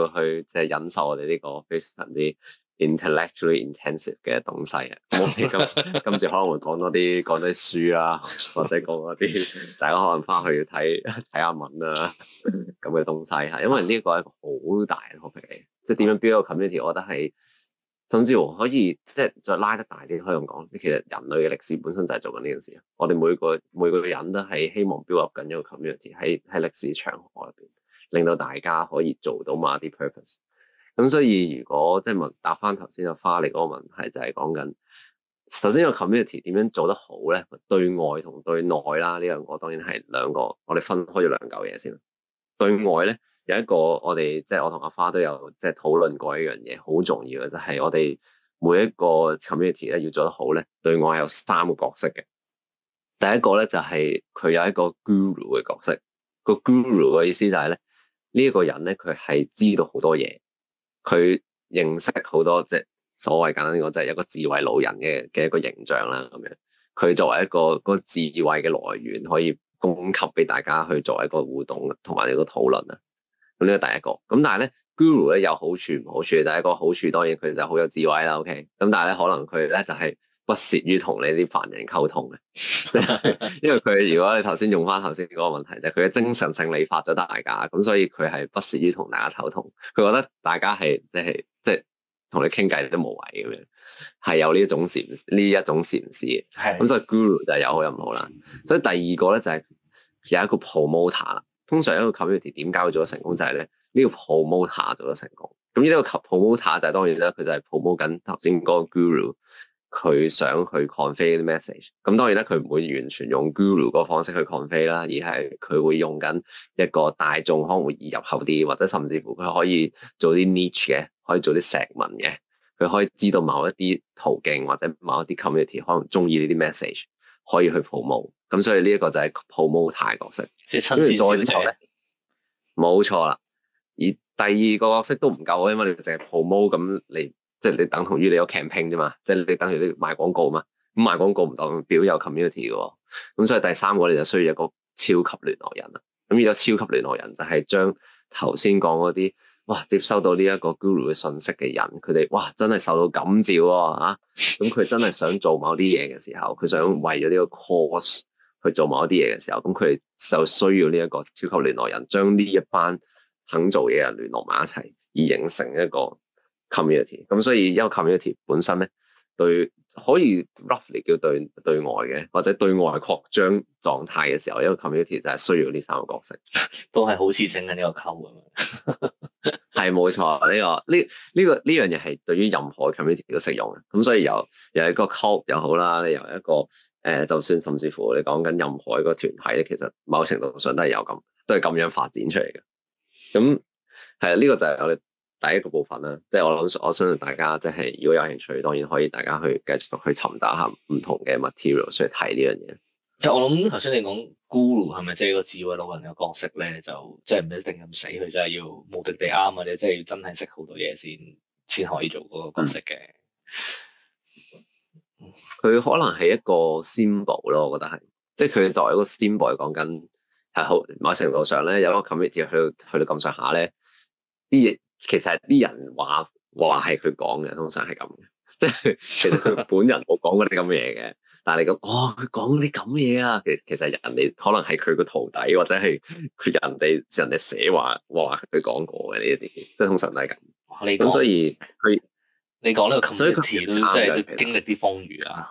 要去即係忍受我哋呢個非常之 intellectually intensive 嘅東西啊。咁 今，今次可能會講多啲講多啲書啊，或者講多啲大家可能翻去要睇睇下文啊咁嘅東西啊。因為呢一個係一個好大嘅 topic 嚟，即係點樣 build 個 community，我覺得係。甚至乎可以即係再拉得大啲，可以用講。其實人類嘅歷史本身就係做緊呢件事啊！我哋每個每個人都係希望 build up 緊一個 community 喺喺歷史長河入邊，令到大家可以做到某啲 purpose。咁所以如果即係問答翻頭先嘅花力嗰個問題，就係講緊首先個 community 點樣做得好咧？對外同對內啦，呢、這、兩個當然係兩個，我哋分開咗兩嚿嘢先。對外咧。嗯有一個我哋即係我同阿花都有即係、就是、討論過一樣嘢，好重要嘅就係、是、我哋每一個 community 咧要做得好咧，對我係有三個角色嘅。第一個咧就係佢有一個 guru 嘅角色，個 guru 嘅意思就係咧呢一個人咧佢係知道好多嘢，佢認識好多即係所謂簡單啲講，即、就、係、是、一個智慧老人嘅嘅一個形象啦咁樣。佢作為一個、那個智慧嘅來源，可以供給俾大家去做一個互動，同埋一個討論啊。咁呢個第一個，咁但係咧，Guru 咧有好處唔好處。第一個好處當然佢就好有智慧啦，OK。咁但係咧，可能佢咧就係、是、不屑於同你啲凡人溝通嘅，即係 因為佢如果你頭先用翻頭先嗰個問題就係，佢、就、嘅、是、精神性理發咗大家，咁所以佢係不屑於同大家溝通。佢覺得大家係即係即係同你傾偈都無謂咁樣，係有呢一種禪呢一種禪師，嘅的。咁，所以 Guru 就係有好有唔好啦。所以第二個咧就係、是、有一個 promoter。通常一個 community 點解會做到成功就係咧呢個 promoter 做到成功。咁呢一個 promoter、這個、prom 就當然啦，佢就係 promote 緊頭先嗰個 guru，佢想去 convey 啲 message。咁當然啦，佢唔會完全用 guru 個方式去 convey 啦，而係佢會用緊一個大眾可能會易入口啲，或者甚至乎佢可以做啲 niche 嘅，可以做啲石文嘅。佢可以知道某一啲途徑或者某一啲 community 可能中意呢啲 message。可以去 promote，咁所以呢一個就係 promote type 角色。跟住再之後咧，冇錯啦。而第二個角色都唔夠，因為你淨係 promote 咁嚟，即係你等同於你有 campaign 啫嘛，即係你等於你賣廣告嘛。咁賣廣告唔代表有 community 嘅喎。咁所以第三個你就需要一個超級聯絡人啦。咁而家超級聯絡人就係將頭先講嗰啲。哇！接收到呢一個 guru 嘅信息嘅人，佢哋哇真係受到感召喎吓。咁佢真係想做某啲嘢嘅時候，佢想為咗呢個 course 去做某啲嘢嘅時候，咁佢就需要呢一個超級聯絡人，將呢一班肯做嘢人聯絡埋一齊，而形成一個 community。咁、嗯、所以一個 community 本身咧，對可以 roughly 叫對對外嘅，或者對外擴張狀態嘅時候，一個 community 就係需要呢三個角色，都係好似整緊呢個溝咁樣。 係冇錯，呢、 這個呢呢、這個呢樣嘢係對於任何 community 都適用嘅，咁、嗯、所以由由一個 group 又好啦，由一個誒、呃，就算甚至乎你講緊任何一個團體咧，其實某程度上都係有咁，都係咁樣發展出嚟嘅。咁係啊，呢、嗯，這個就係我哋第一個部分啦，即係我諗我相信大家即係如果有興趣，當然可以大家去繼續去尋找下唔同嘅 material，所以睇呢樣嘢。其實我諗頭先你講 guru 係咪即係個智慧老人嘅角色咧？就即係唔一定咁死，佢真係要無敵地啱啊，你即係要真係識好多嘢先，先可以做嗰個角色嘅。佢、嗯、可能係一個 symbol 咯，我覺得係，即係佢作為一個 symbol 嚟講緊，係好某程度上咧，有一個 committee 去，去到去到咁上下咧，啲其實係啲人話話係佢講嘅，通常係咁嘅，即係其實佢本人冇講過啲咁嘢嘅。 但係你講，哇、哦！佢講啲咁嘢啊，其其實人哋可能係佢個徒弟，或者係佢人哋人哋寫話話佢講過嘅呢啲，即係通常都係咁。咁說所以佢，你講呢、這個、嗯，所以佢即係經歷啲風雨啊。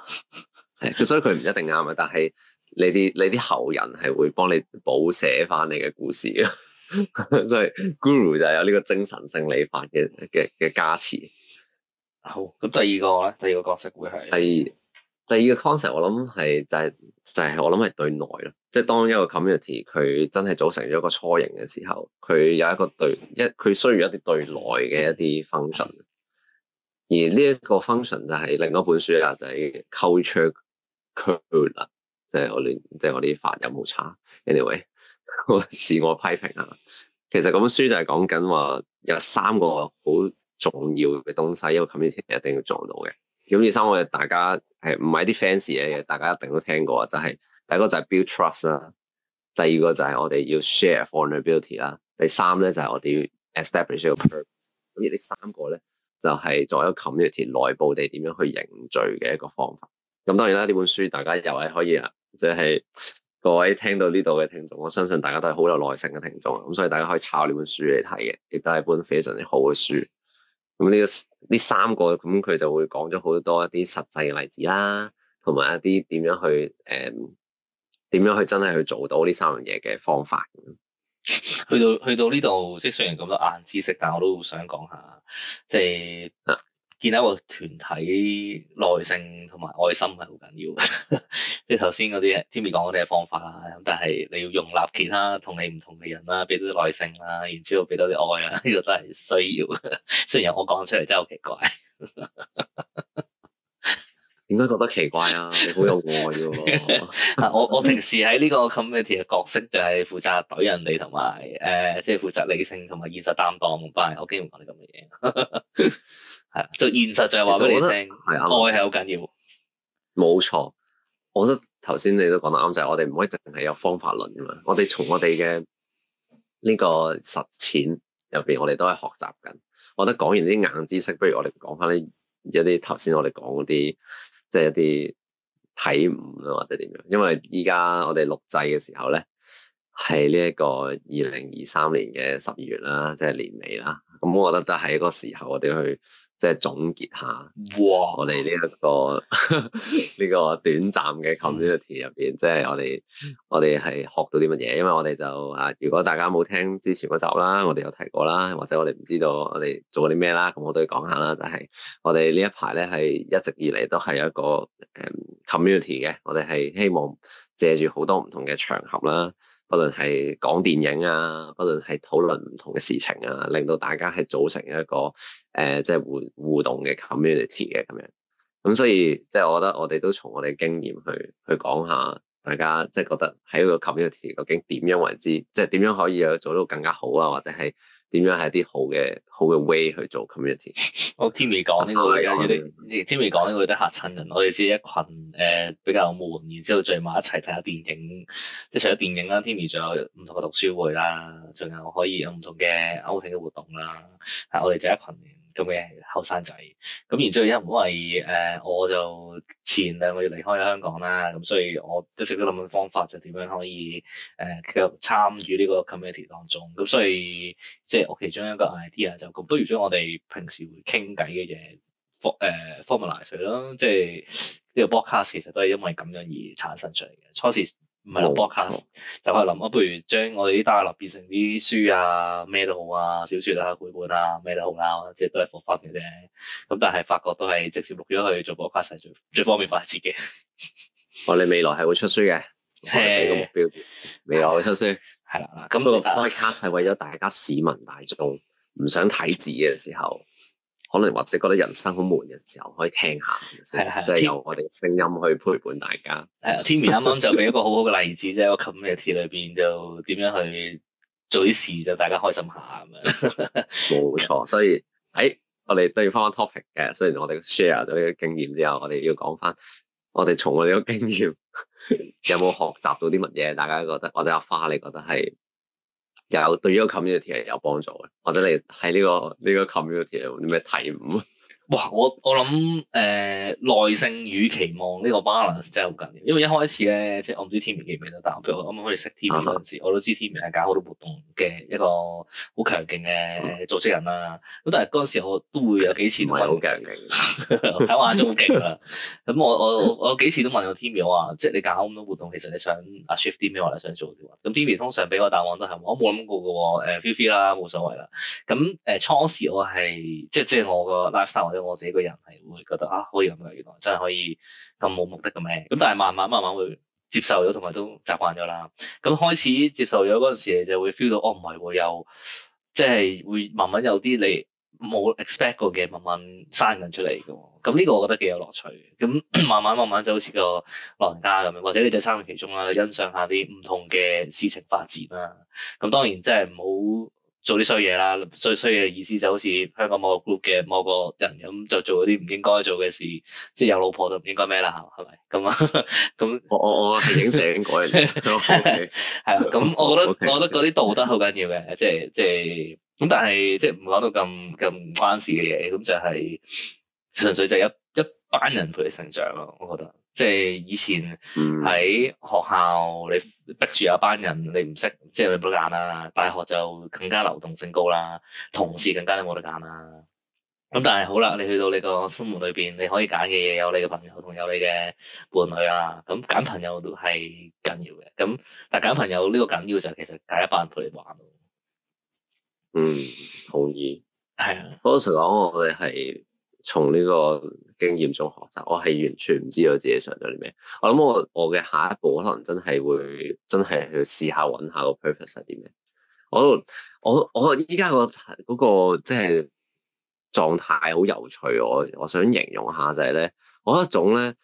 佢所以佢唔一定啱啊，但係你啲你啲後人係會幫你補寫翻你嘅故事啊。所以, 所以 Guru 就有呢個精神性理法嘅嘅嘅加持。好，咁第二個咧，對第二個角色會係。第二。 第二個 concept 我諗係就係就係我諗係對內咯，即係當一個 community 佢真係組成咗一個初型嘅時候，佢有一個對一佢需要一啲對內嘅一啲 function，而呢一個 function 就係另一本書啊，就係 Culture Curator，即係我啲即係我啲法有冇差？Anyway， 我自我批評下，其實嗰本書就係講緊話有三個好重要嘅東西，一個 community 一定要做到嘅。咁呢三個，大家係唔係啲 fancy 嘢嘅，大家一定都聽過，就係、是、第一個就係 build trust 啦，第二個就係我哋要 share vulnerability 啦，第三咧就係我哋要 establish 個 purpose。咁而呢三個咧，就係作為一個 community 內部地點樣去凝聚嘅一個方法。咁當然啦，呢本書大家又係可以，啊、就是，即係各位聽到呢度嘅聽眾，我相信大家都係好有耐性嘅聽眾，咁所以大家可以抄呢本書嚟睇嘅，亦都係一本非常之好嘅書。咁呢個呢三個，咁佢就會講咗好多一啲實際嘅例子啦，同埋一啲點樣去誒，點樣去真係去做到呢三樣嘢嘅方法。去到去到呢度，即係雖然咁多硬知識，但係我都好想講下，即係啊。建立一個團體，耐性同埋愛心係好緊要嘅。即係頭先嗰啲係 Timmy 講嗰啲嘅方法啦，咁但係你要容納其他你同你唔同嘅人啦，俾多啲耐性啦，然之後俾多啲愛啊，呢個都係需要。 雖然我講出嚟真係好奇怪，點 解覺得奇怪啊？你好有愛嘅 我我平時喺呢個 committee 嘅角色就係負責懟人哋，同埋誒，即係負責理性同埋現實擔當，但係我竟然講你咁嘅嘢。 係啊，就現實就係話俾你聽，係啊，愛係好緊要，冇錯。我覺得頭先你都講得啱，就係我哋唔可以淨係有方法論噶嘛。我哋從我哋嘅呢個實踐入邊，我哋都係學習緊。我覺得講完啲硬知識，不如我哋講翻啲一啲頭先我哋講嗰啲，即係一啲體悟啦，或者點樣。因為依家我哋錄製嘅時候咧，係呢一個二零二三年嘅十二月啦，即係年尾啦。咁我覺得都係一個時候，我哋去。即係總結下，哇哇我哋呢一個呢 個短暫嘅 community 入邊，即係我哋我哋係學到啲乜嘢？因為我哋就啊，如果大家冇聽之前嗰集啦，我哋有提過啦，或者我哋唔知道我哋做過啲咩啦，咁我都要講下啦。就係、是、我哋呢一排咧，係一直以嚟都係有一個誒、嗯、community 嘅。我哋係希望借住好多唔同嘅場合啦。不論係講電影啊，不論係討論唔同嘅事情啊，令到大家係組成一個誒，即、呃、係、就是、互互動嘅 community 嘅、啊、咁樣。咁所以即係、就是、我覺得我哋都從我哋嘅經驗去去講下，大家即係、就是、覺得喺個 community 究竟點樣為之，即係點樣可以去做到更加好啊，或者係。點樣係啲好嘅好嘅 way 去做 community？我 Timmy 講呢個嘢，你 Timmy 講呢個都嚇親人。我哋只係一群誒比較悶，然之後聚埋一齊睇下電影，即係除咗電影啦，Timmy 仲有唔同嘅讀書會啦，仲有可以有唔同嘅 outings 嘅活動啦。啊，我哋就係一群。咁嘅後生仔，咁然之後因為誒、呃，我就前兩個月離開咗香港啦，咁、嗯、所以我一直都諗緊方法，就點樣可以誒繼續參與呢個 community 當中，咁、嗯、所以即係我其中一個 idea 就咁，都如將我哋平時會傾偈嘅嘢誒 formalize 嚟咯，即係呢個 broadcast 其實都係因為咁樣而產生出嚟嘅。初時。唔係立 box 就係諗啊，不如將我哋啲大立變成啲書啊，咩都好啊，小說啊，繪本啊，咩都好啦，啊，即係都係發翻嘅啫。咁但係發覺都係直接錄咗去做 box 係最最方便快捷嘅。 我哋未來係會出書嘅，係 個目標。未來會出書係啦，咁 對個 box 卡係為咗大家市民大眾唔想睇字嘅時候。可能或者覺得人生好悶嘅時候，可以聽下，的即係由我哋聲音去陪伴大家。誒，Timmy 啱啱就俾一個好好嘅例子，即係我琴日貼裏邊就點樣去做啲事，就大家開心下咁樣。冇 錯， 所以喺、哎、我哋對翻 topic 嘅，雖然我哋 share 咗呢個經驗之後，我哋要講翻我哋從我哋嘅經驗 有冇學習到啲乜嘢？大家覺得，或者阿花你覺得係？有對呢個 community 係有幫助嘅，或者你喺呢個呢、這個 community 有啲咩體悟？哇！我我諗誒，耐性與期望呢個 balance 真係好緊要。因為一開始咧，即係我唔知 Timmy 記唔記得，但係我啱啱開始識 Timmy 嗰陣時，uh huh. 我都知 Timmy 係搞好多活動嘅一個好強勁嘅組織人啦。咁但係嗰陣時我都會有幾次唔係好勁，喺話中好勁啦。咁 我我我,我幾次都問過 Timmy 話，即係你搞咁多活動，其實你想啊 shift Timmy 或者你想做啲話，咁 Timmy 通常俾我答案都係我冇諗過噶。誒、呃、，feel free 啦，冇所謂啦。咁、呃、誒，初時我係即係即係我個 life 我自己個人係會覺得啊，可以咁樣，原來真係可以咁冇目的咁咩？咁但係慢慢慢慢會接受咗，同埋都習慣咗啦。咁、嗯、開始接受咗嗰陣時，就會 feel 到哦，唔係喎，會有，即係會慢慢有啲你冇 expect 過嘅慢慢生緊出嚟嘅喎。咁、嗯、呢、這個我覺得幾有樂趣嘅。咁、嗯、慢慢慢慢就好似個老人家咁樣，或者你就生其中啦，你欣賞下啲唔同嘅事情發展啦。咁、嗯、當然即係唔好。做啲衰嘢啦。衰衰嘢意思就好似香港某個 group 嘅某個人咁，就做咗啲唔應該做嘅事，即係有老婆就唔應該咩啦吓，係咪咁啊？咁、 嗯 嗯、 我我我係醒過嚟，係啊。咁我覺得 Okay . 我覺得嗰啲道德好緊要嘅，即係即係咁，但係即係唔講到咁咁唔關事嘅嘢，咁就係純粹就係一一班人陪你成長咯，我覺得。即係以前喺學校，你逼住有一班人，你唔識即係你冇得揀啦。大學就更加流動性高啦，同事更加你冇得揀啦。咁但係好啦，你去到你個生活裏邊，你可以揀嘅嘢有你嘅朋友同有你嘅伴侶啊。咁揀朋友都係緊要嘅。咁但係揀朋友呢個緊要就係其實揀一班人陪你玩。嗯，好易。係啊。嗰時講我哋係。從呢個經驗中學習，我係完全唔知道自己想咗啲咩。我諗我我嘅下一步可能真係會真係去試下揾下個 purpose 係啲咩。我我我依家、嗰個嗰個即係狀態好有趣。我我想形容下就係、是、咧，我一種咧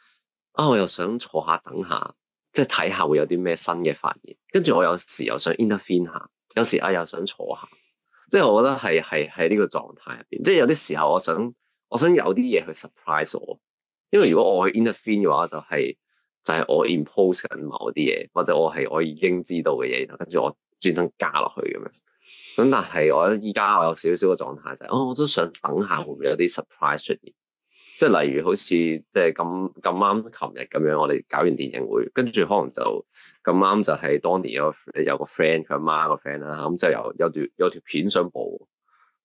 啊，我又想坐下等下，即係睇下會有啲咩新嘅發現。跟住我有時又想 intervene 下，有時啊又想坐下。即係我覺得係係喺呢個狀態入邊，即係有啲時候我想。我想有啲嘢去 surprise 我，因為如果我去 intervene 嘅話，就係、是、就係、是、我 impose 緊某啲嘢，或者我係我已經知道嘅嘢，然後跟住我專登加落去咁樣。咁但係我依家我有少少嘅狀態就係、是、哦，我都想等下會唔會有啲 surprise 出現，即係例如好似即係咁咁啱，琴日咁樣，我哋搞完電影會，跟住可能就咁啱就係當年有個有個 friend 佢阿媽個 friend 啦，咁就有有段有條片想播，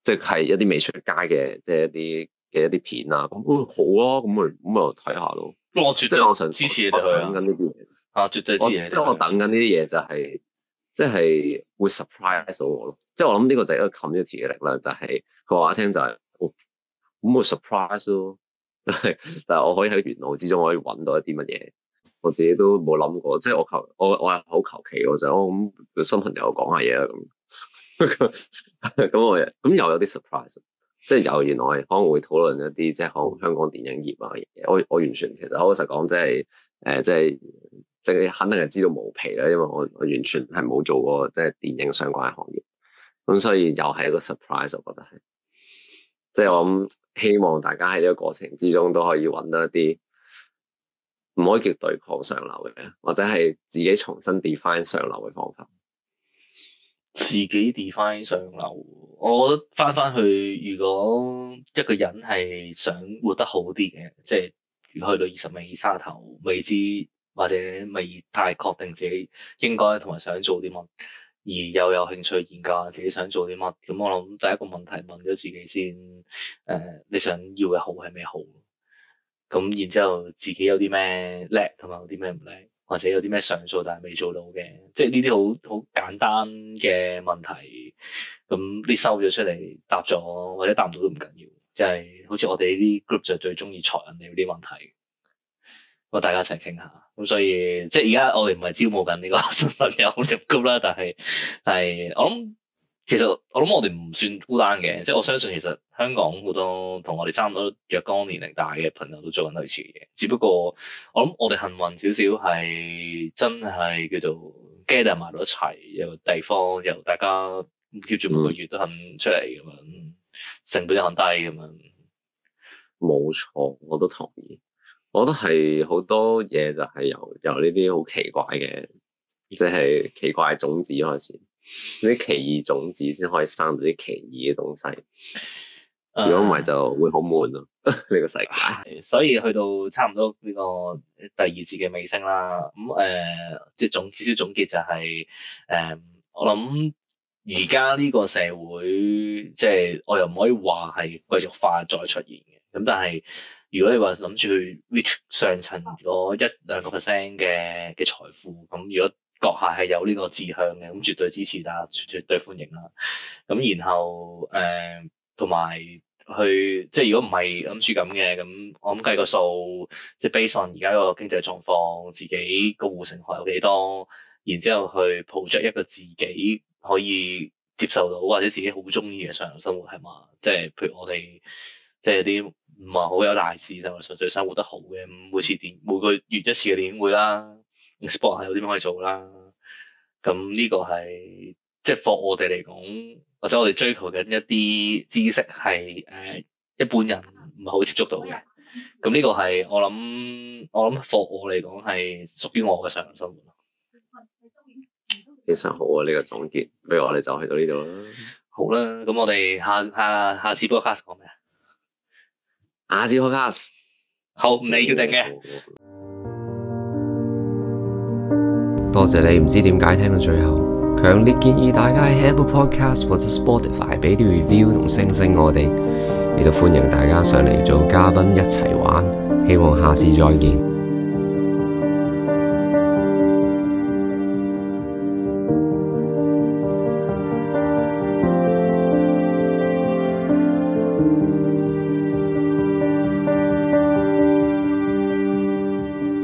即係係一啲未出街嘅，即係一啲。嘅一啲片啦，哦、嗯、好啊，咁咪咁咪睇下咯。我、哦、絕對我支持你佢啊！即等緊呢啲嘢啊，絕對支我即係我等緊呢啲嘢就係、是、即、就、係、是、會 surprise 到我咯。即係我諗呢個就係一個 community 嘅力量，就係佢話我聽就係、是、咁、哦、咪 surprise 咯。 但係我可以喺原來之中，可以揾到一啲乜嘢，我自己都冇諗過。即係我求，我我係好求其，我就我咁新朋友講下嘢啦咁。咁 我咁又有啲 surprise。即係有，原來可能會討論一啲，即係可能香港電影業啊，我我完全其實老實講，即係誒，即係即係肯定係知道毛皮啦。因為我我完全係冇做過即係電影相關嘅行業，咁所以又係一個 surprise。我覺得係，即係我諗希望大家喺呢個過程之中都可以揾到一啲唔可以叫對抗上流嘅、咩，或者係自己重新 define 上流嘅方法。自己 define 上流，我覺得翻翻去，如果一個人係想活得好啲嘅，即係去到二十尾三十頭，未知或者未太確定自己應該同埋想做啲乜，而又有興趣研究下自己想做啲乜，咁我諗第一個問題問咗自己先，誒、呃，你想要嘅好係咩好？咁然之後自己有啲咩叻同埋有啲咩唔叻？或者有啲咩上訴，但係未做到嘅，即係呢啲好好簡單嘅問題。咁你收咗出嚟答咗，或者答唔到都唔緊要，即係好似我哋呢啲 group 就最中意採人哋啲問題。咁、那個、大家一齊傾下。咁所以即係而家我哋唔係招募緊呢個新朋友入 group 啦，但係係我諗。其實我諗我哋唔算孤單嘅，即係我相信其實香港好多同我哋差唔多若干年齡大嘅朋友都做緊類似嘅嘢，只不過我諗我哋幸運少少，係真係叫做 gather 埋到一齊，有個地方由大家叫住每個月都肯出嚟咁樣，成本又肯低咁樣。冇錯，我都同意。我覺得係好多嘢就係由由呢啲好奇怪嘅，即係奇怪嘅種子開始。啲奇異種子先可以生到啲奇異嘅東西，如果唔係就會好悶咯呢、uh, 個世界。所以去到差唔多呢個第二次嘅尾聲啦，咁誒、呃，即係總至少總結就係、是、誒、呃，我諗而家呢個社會即係、就是、我又唔可以話係貴族化再出現嘅，咁但係如果你話諗住去 reach 上層嗰一兩個 percent 嘅嘅財富，咁如果閣下係有呢個志向嘅，咁絕對支持啦，絕絕對歡迎啦。咁然後誒，同埋去即係如果唔係諗住咁嘅，咁我諗計個數，即係 based on 而家個經濟狀況，自己個護城河有幾多？然之後去 project 一個自己可以接受到，或者自己好中意嘅上流生活係嘛？即係譬如我哋即係啲唔係好有大志，就純粹生活得好嘅，每次電每個月一次嘅電影會啦。sport 係有啲乜可以做啦，咁呢個係即係 f o 我哋嚟講，或者我哋追求緊一啲知識係誒、呃、一般人唔係好接觸到嘅，咁呢個係我諗我諗 f 我嚟講係屬於我嘅上流生活咯，非常好啊！呢、這個總結，不如我哋就去到呢度啦。好啦，咁我哋下下下次不 o o k c a s s 講咩啊？下次 b o c a s s 好，你決定嘅。多謝你，唔知點解聽到最後，強烈建議大家喺 Apple Podcast 或者 Spotify 畀啲 review 同星星我哋，亦都歡迎大家上嚟做嘉賓一齊玩，希望下次再見。